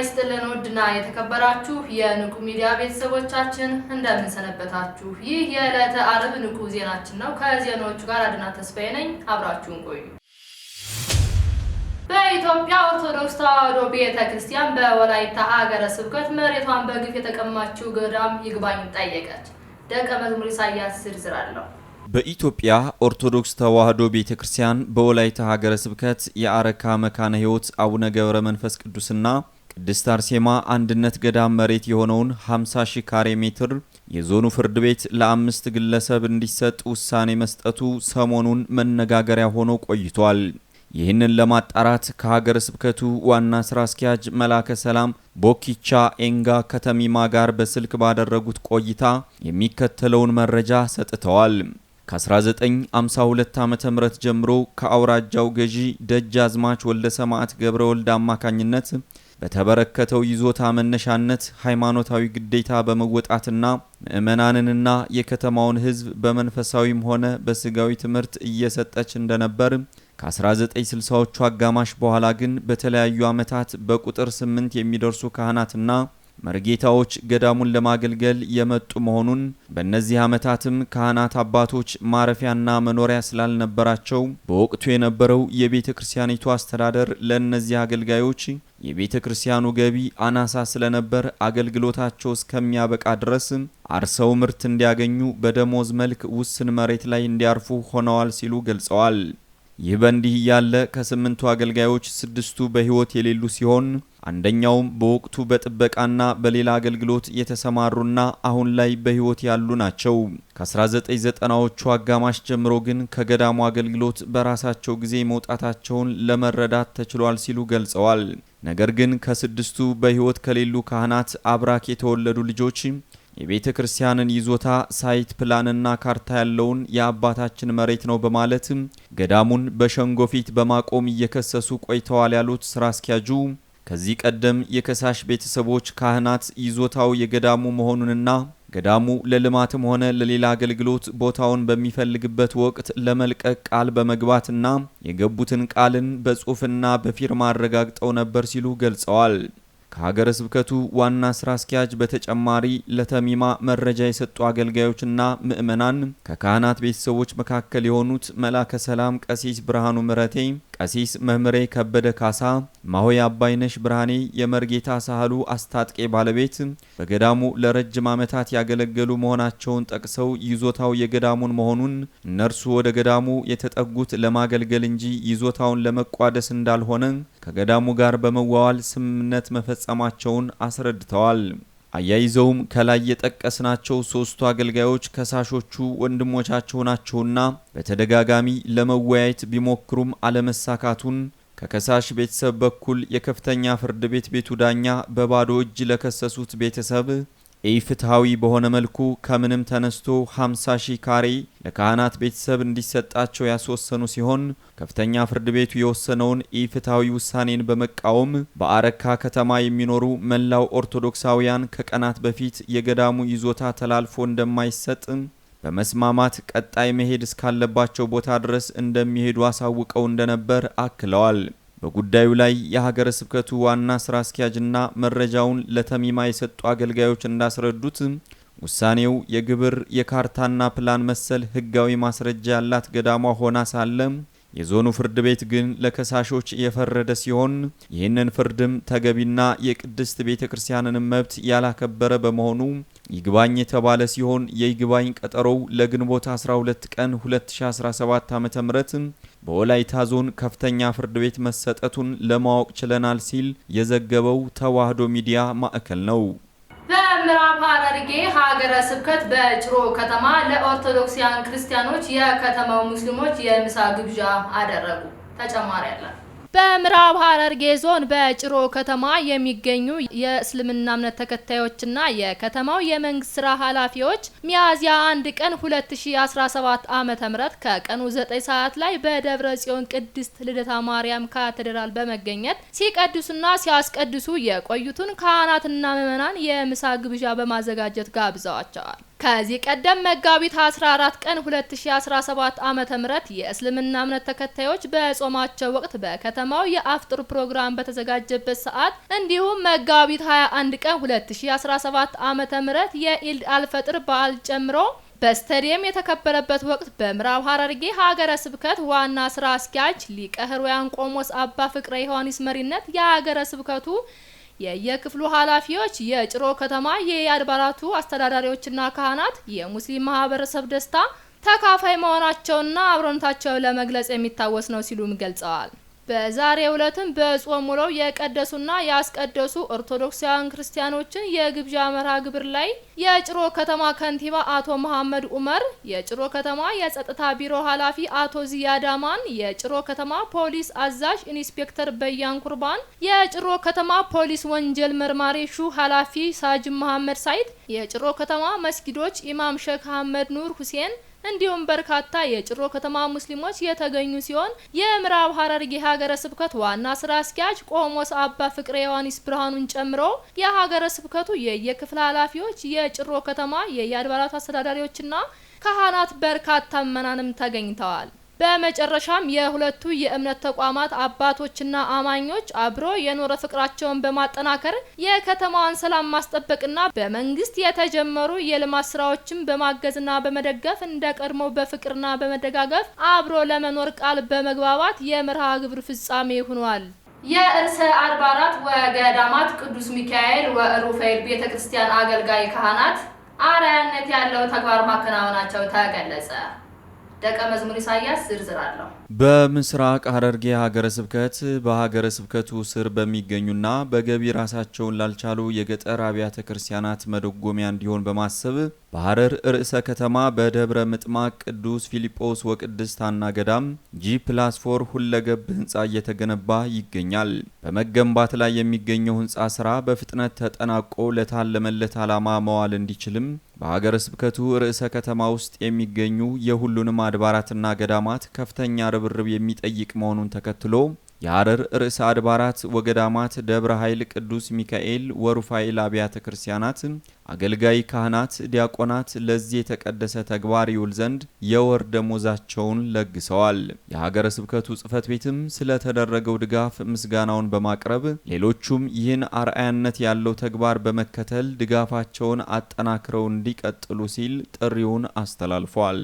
ይስጥልን ውድና የተከበራችሁ የንቁ ሚዲያ ቤተሰቦቻችን እንደምንሰነበታችሁ። ይህ የዕለተ አረብ ንቁ ዜናችን ነው። ከዜናዎቹ ጋር አድና ተስፋዬ ነኝ። አብራችሁን ቆዩ። በኢትዮጵያ ኦርቶዶክስ ተዋሕዶ ቤተ ክርስቲያን በወላይታ ሀገረ ስብከት መሬቷን በግፍ የተቀማችው ገዳም ይግባኝ ጠየቀች። ደቀ መዝሙር ኢሳያስ ዝርዝር አለው። በኢትዮጵያ ኦርቶዶክስ ተዋሕዶ ቤተ ክርስቲያን በወላይታ ሀገረ ስብከት የአረካ መካነ ሕይወት አቡነ ገብረ መንፈስ ቅዱስና ቅድስት አርሴማ አንድነት ገዳም መሬት የሆነውን 50 ሺ ካሬ ሜትር የዞኑ ፍርድ ቤት ለአምስት ግለሰብ እንዲሰጥ ውሳኔ መስጠቱ ሰሞኑን መነጋገሪያ ሆኖ ቆይቷል። ይህንን ለማጣራት ከሀገረ ስብከቱ ዋና ስራ አስኪያጅ መላከ ሰላም ቦኪቻ ኤንጋ ከተሚማ ጋር በስልክ ባደረጉት ቆይታ የሚከተለውን መረጃ ሰጥተዋል። ከ1952 ዓ ም ጀምሮ ከአውራጃው ገዢ ደጅ አዝማች ወልደ ሰማዕት ገብረ ወልድ አማካኝነት በተበረከተው ይዞታ መነሻነት ሃይማኖታዊ ግዴታ በመወጣትና ምዕመናንንና የከተማውን ሕዝብ በመንፈሳዊም ሆነ በስጋዊ ትምህርት እየሰጠች እንደነበር ከ1960ዎቹ አጋማሽ በኋላ ግን በተለያዩ ዓመታት በቁጥር ስምንት የሚደርሱ ካህናትና መርጌታዎች ገዳሙን ለማገልገል የመጡ መሆኑን በእነዚህ ዓመታትም ካህናት አባቶች ማረፊያና መኖሪያ ስላልነበራቸው በወቅቱ የነበረው የቤተ ክርስቲያኒቱ አስተዳደር ለእነዚህ አገልጋዮች የቤተ ክርስቲያኑ ገቢ አናሳ ስለነበር አገልግሎታቸው እስከሚያበቃ ድረስ አርሰው ምርት እንዲያገኙ በደሞዝ መልክ ውስን መሬት ላይ እንዲያርፉ ሆነዋል ሲሉ ገልጸዋል። ይህ በእንዲህ እያለ ከስምንቱ አገልጋዮች ስድስቱ በሕይወት የሌሉ ሲሆን አንደኛውም በወቅቱ በጥበቃና በሌላ አገልግሎት የተሰማሩና አሁን ላይ በሕይወት ያሉ ናቸው። ከ1990ዎቹ አጋማሽ ጀምሮ ግን ከገዳሙ አገልግሎት በራሳቸው ጊዜ መውጣታቸውን ለመረዳት ተችሏል ሲሉ ገልጸዋል። ነገር ግን ከስድስቱ በሕይወት ከሌሉ ካህናት አብራክ የተወለዱ ልጆች የቤተ ክርስቲያንን ይዞታ ሳይት ፕላንና ካርታ ያለውን የአባታችን መሬት ነው በማለትም ገዳሙን በሸንጎ ፊት በማቆም እየከሰሱ ቆይተዋል ያሉት ስራ አስኪያጁ ከዚህ ቀደም የከሳሽ ቤተሰቦች ካህናት ይዞታው የገዳሙ መሆኑንና ገዳሙ ለልማትም ሆነ ለሌላ አገልግሎት ቦታውን በሚፈልግበት ወቅት ለመልቀቅ ቃል በመግባትና የገቡትን ቃልን በጽሑፍና በፊርማ አረጋግጠው ነበር ሲሉ ገልጸዋል። ከሀገረ ስብከቱ ዋና ስራ አስኪያጅ በተጨማሪ ለተሚማ መረጃ የሰጡ አገልጋዮችና ምዕመናን ከካህናት ቤተሰቦች መካከል የሆኑት መላከ ሰላም ቀሲስ ብርሃኑ ምረቴ ቀሲስ መምሬ ከበደ ካሳ፣ ማሆይ አባይነሽ ብርሃኔ፣ የመርጌታ ሳህሉ አስታጥቄ ባለቤት በገዳሙ ለረጅም ዓመታት ያገለገሉ መሆናቸውን ጠቅሰው ይዞታው የገዳሙን መሆኑን እነርሱ ወደ ገዳሙ የተጠጉት ለማገልገል እንጂ ይዞታውን ለመቋደስ እንዳልሆነ ከገዳሙ ጋር በመዋዋል ስምምነት መፈጸማቸውን አስረድተዋል። አያይዘውም ከላይ የጠቀስናቸው ሶስቱ አገልጋዮች ከሳሾቹ ወንድሞቻቸው ናቸውና በተደጋጋሚ ለመወያየት ቢሞክሩም አለመሳካቱን ከከሳሽ ቤተሰብ በኩል የከፍተኛ ፍርድ ቤት ቤቱ ዳኛ በባዶ እጅ ለከሰሱት ቤተሰብ ኢፍትሐዊ በሆነ መልኩ ከምንም ተነስቶ 50 ሺህ ካሬ ለካህናት ቤተሰብ እንዲሰጣቸው ያስወሰኑ ሲሆን ከፍተኛ ፍርድ ቤቱ የወሰነውን ኢፍትሐዊ ውሳኔን በመቃወም በአረካ ከተማ የሚኖሩ መላው ኦርቶዶክሳውያን ከቀናት በፊት የገዳሙ ይዞታ ተላልፎ እንደማይሰጥ በመስማማት ቀጣይ መሄድ እስካለባቸው ቦታ ድረስ እንደሚሄዱ አሳውቀው እንደነበር አክለዋል። በጉዳዩ ላይ የሀገረ ስብከቱ ዋና ስራ አስኪያጅና መረጃውን ለተሚማ የሰጡ አገልጋዮች እንዳስረዱት ውሳኔው የግብር የካርታና ፕላን መሰል ህጋዊ ማስረጃ ያላት ገዳሟ ሆና ሳለ የዞኑ ፍርድ ቤት ግን ለከሳሾች የፈረደ ሲሆን ይህንን ፍርድም ተገቢና የቅድስት ቤተ ክርስቲያንንም መብት ያላከበረ በመሆኑ ይግባኝ የተባለ ሲሆን የይግባኝ ቀጠሮው ለግንቦት 12 ቀን 2017 ዓ.ም በወላይታ ዞን ከፍተኛ ፍርድ ቤት መሰጠቱን ለማወቅ ችለናል ሲል የዘገበው ተዋህዶ ሚዲያ ማዕከል ነው። በምዕራብ ሐረርጌ ሀገረ ስብከት በጭሮ ከተማ ለኦርቶዶክሲያን ክርስቲያኖች የከተማው ሙስሊሞች የምሳ ግብዣ አደረጉ። ተጨማሪ ያለን በምዕራብ ሐረርጌ ዞን በጭሮ ከተማ የሚገኙ የእስልምና እምነት ተከታዮችና የከተማው የመንግስት ስራ ኃላፊዎች ሚያዝያ አንድ ቀን 2017 ዓ ም ከቀኑ 9 ሰዓት ላይ በደብረ ጽዮን ቅድስት ልደታ ማርያም ካቴድራል በመገኘት ሲቀድሱና ሲያስቀድሱ የቆዩትን ካህናትና ምዕመናን የምሳ ግብዣ በማዘጋጀት ጋብዘዋቸዋል። ከዚህ ቀደም መጋቢት 14 ቀን 2017 ዓ.ም የእስልምና እምነት ተከታዮች በጾማቸው ወቅት በከተማው የአፍጥር ፕሮግራም በተዘጋጀበት ሰዓት እንዲሁም መጋቢት 21 ቀን 2017 ዓ.ም የኢልድ አልፈጥር በዓል ጨምሮ በስተዲየም የተከበረበት ወቅት በምዕራብ ሐረርጌ ሀገረ ስብከት ዋና ስራ አስኪያጅ ሊቀ ሕሩያን ቆሞስ አባ ፍቅረ ዮሐንስ መሪነት የሀገረ ስብከቱ የየክፍሉ ኃላፊዎች፣ የጭሮ ከተማ የየአድባራቱ አስተዳዳሪዎችና ካህናት የሙስሊም ማህበረሰብ ደስታ ተካፋይ መሆናቸውና አብሮነታቸውን ለመግለጽ የሚታወስ ነው ሲሉም ገልጸዋል። በዛሬ ዕለትም በጾም ውለው የቀደሱና ያስቀደሱ ኦርቶዶክሳውያን ክርስቲያኖችን የግብዣ መርሃ ግብር ላይ የጭሮ ከተማ ከንቲባ አቶ መሐመድ ኡመር፣ የጭሮ ከተማ የጸጥታ ቢሮ ኃላፊ አቶ ዚያዳማን፣ የጭሮ ከተማ ፖሊስ አዛዥ ኢንስፔክተር በያን ኩርባን፣ የጭሮ ከተማ ፖሊስ ወንጀል መርማሪ ሹ ኃላፊ ሳጅም መሐመድ ሳይድ፣ የጭሮ ከተማ መስጊዶች ኢማም ሼክ አህመድ ኑር ሁሴን እንዲሁም በርካታ የጭሮ ከተማ ሙስሊሞች የተገኙ ሲሆን የምዕራብ ሀረርጌ ሀገረ ስብከት ዋና ስራ አስኪያጅ ቆሞስ አባ ፍቅረ ዮሐንስ ብርሃኑን ጨምሮ የሀገረ ስብከቱ የየክፍል ኃላፊዎች፣ የጭሮ ከተማ የየአድባራቱ አስተዳዳሪዎችና ካህናት በርካታ መናንም ተገኝተዋል። በመጨረሻም የሁለቱ የእምነት ተቋማት አባቶችና አማኞች አብሮ የኖረ ፍቅራቸውን በማጠናከር የከተማዋን ሰላም ማስጠበቅና በመንግስት የተጀመሩ የልማት ስራዎችን በማገዝና በመደገፍ እንደ ቀድሞ በፍቅርና በመደጋገፍ አብሮ ለመኖር ቃል በመግባባት የመርሃ ግብር ፍጻሜ ሆኗል። የእርሰ አድባራት ወገዳማት ቅዱስ ሚካኤል ወሩፋኤል ቤተ ክርስቲያን አገልጋይ ካህናት አርአያነት ያለው ተግባር ማከናወናቸው ተገለጸ። ደቀ መዝሙር ኢሳያስ ዝርዝር አለው። በምስራቅ ሐረርጌ ሀገረ ስብከት በሀገረ ስብከቱ ስር በሚገኙና በገቢ ራሳቸውን ላልቻሉ የገጠር አብያተ ክርስቲያናት መደጎሚያ እንዲሆን በማሰብ በሐረር ርዕሰ ከተማ በደብረ ምጥማቅ ቅዱስ ፊልጶስ ወቅድስት ሐና ገዳም ጂ ፕላስ ፎር ሁለገብ ህንፃ እየተገነባ ይገኛል። በመገንባት ላይ የሚገኘው ህንፃ ስራ በፍጥነት ተጠናቆ ለታለመለት ዓላማ መዋል እንዲችልም በሀገረ ስብከቱ ርዕሰ ከተማ ውስጥ የሚገኙ የሁሉንም አድባራትና ገዳማት ከፍተኛ ርብርብ የሚጠይቅ መሆኑን ተከትሎ የሐረር ርዕሰ አድባራት ወገዳማት ደብረ ኃይል ቅዱስ ሚካኤል ወሩፋኤል አብያተ ክርስቲያናት አገልጋይ ካህናት፣ ዲያቆናት ለዚህ የተቀደሰ ተግባር ይውል ዘንድ የወር ደሞዛቸውን ለግሰዋል። የሀገረ ስብከቱ ጽሕፈት ቤትም ስለተደረገው ድጋፍ ምስጋናውን በማቅረብ ሌሎቹም ይህን አርአያነት ያለው ተግባር በመከተል ድጋፋቸውን አጠናክረው እንዲቀጥሉ ሲል ጥሪውን አስተላልፏል።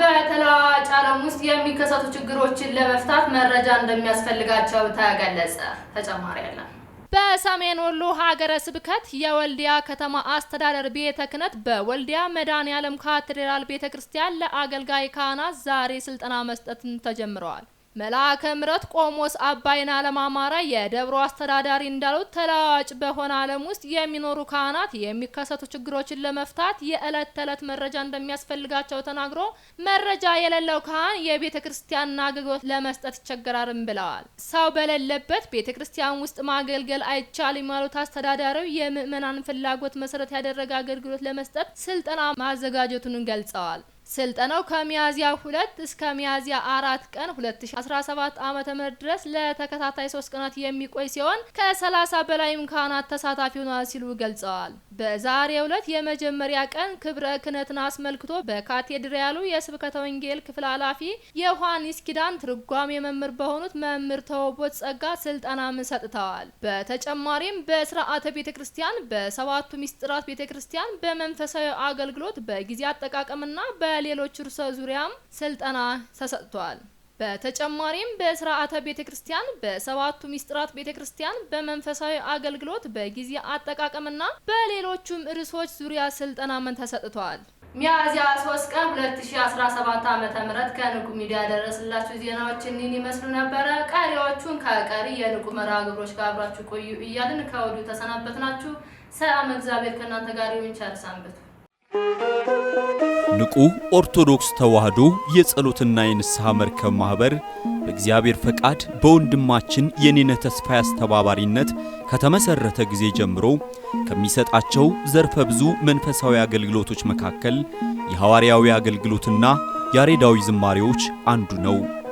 በተለዋዋጭ ዓለም ውስጥ የሚከሰቱ ችግሮችን ለመፍታት መረጃ እንደሚያስፈልጋቸው ተገለጸ። ተጨማሪ ያለን በሰሜን ወሎ ሀገረ ስብከት የወልዲያ ከተማ አስተዳደር ቤተ ክህነት በወልዲያ መድኃኔ ዓለም ካቴድራል ቤተ ክርስቲያን ለአገልጋይ ካህናት ዛሬ ስልጠና መስጠትን ተጀምረዋል። መልአከ ምረት ቆሞስ አባይን አለማማራ የደብሮ አስተዳዳሪ እንዳሉት ተለዋዋጭ በሆነ ዓለም ውስጥ የሚኖሩ ካህናት የሚከሰቱ ችግሮችን ለመፍታት የዕለት ተዕለት መረጃ እንደሚያስፈልጋቸው ተናግሮ መረጃ የሌለው ካህን የቤተ ክርስቲያንን አገልግሎት ለመስጠት ይቸገራልም ብለዋል። ሰው በሌለበት ቤተ ክርስቲያን ውስጥ ማገልገል አይቻልም ያሉት አስተዳዳሪው የምእመናን ፍላጎት መሰረት ያደረገ አገልግሎት ለመስጠት ስልጠና ማዘጋጀቱን ገልጸዋል። ስልጠናው ከሚያዝያ ሁለት እስከ ሚያዝያ አራት ቀን ሁለት ሺ አስራ ሰባት አመተ ምህረት ድረስ ለተከታታይ ሶስት ቀናት የሚቆይ ሲሆን ከሰላሳ በላይም ካህናት ተሳታፊ ሆኗል ሲሉ ገልጸዋል። በዛሬው ዕለት የመጀመሪያ ቀን ክብረ ክህነትን አስመልክቶ በካቴድራሉ የስብከተ ወንጌል ክፍል ኃላፊ የዮሐንስ ኪዳን ትርጓሜ መምህር በሆኑት መምህር ተወቦት ጸጋ ስልጠናም ሰጥተዋል። በተጨማሪም በስርዓተ ቤተ ክርስቲያን፣ በሰባቱ ሚስጥራት ቤተ ክርስቲያን፣ በመንፈሳዊ አገልግሎት፣ በጊዜ አጠቃቀምና በ ለሌሎች ርዕሰ ዙሪያም ስልጠና ተሰጥቷል። በተጨማሪም በስርዓተ ቤተ ክርስቲያን፣ በሰባቱ ሚስጥራት ቤተ ክርስቲያን፣ በመንፈሳዊ አገልግሎት፣ በጊዜ አጠቃቀምና በሌሎቹም ርዕሶች ዙሪያ ስልጠና ምን ተሰጥቷል። ሚያዝያ 3 ቀን 2017 ዓ.ም ከንቁ ሚዲያ ደረስላችሁ ዜናዎች እኒን ይመስሉ ነበረ። ቀሪዎቹን ከቀሪ የንቁ መርሃ ግብሮች ጋር አብራችሁ ቆዩ እያልን ከወዲሁ ተሰናበትናችሁ። ሰላም፣ እግዚአብሔር ከእናንተ ጋር ይሁን። ቸር ሰንብቱ። ንቁ ኦርቶዶክስ ተዋህዶ የጸሎትና የንስሐ መርከብ ማኅበር በእግዚአብሔር ፈቃድ በወንድማችን የኔነ ተስፋዬ አስተባባሪነት ከተመሠረተ ጊዜ ጀምሮ ከሚሰጣቸው ዘርፈ ብዙ መንፈሳዊ አገልግሎቶች መካከል የሐዋርያዊ አገልግሎትና ያሬዳዊ ዝማሬዎች አንዱ ነው።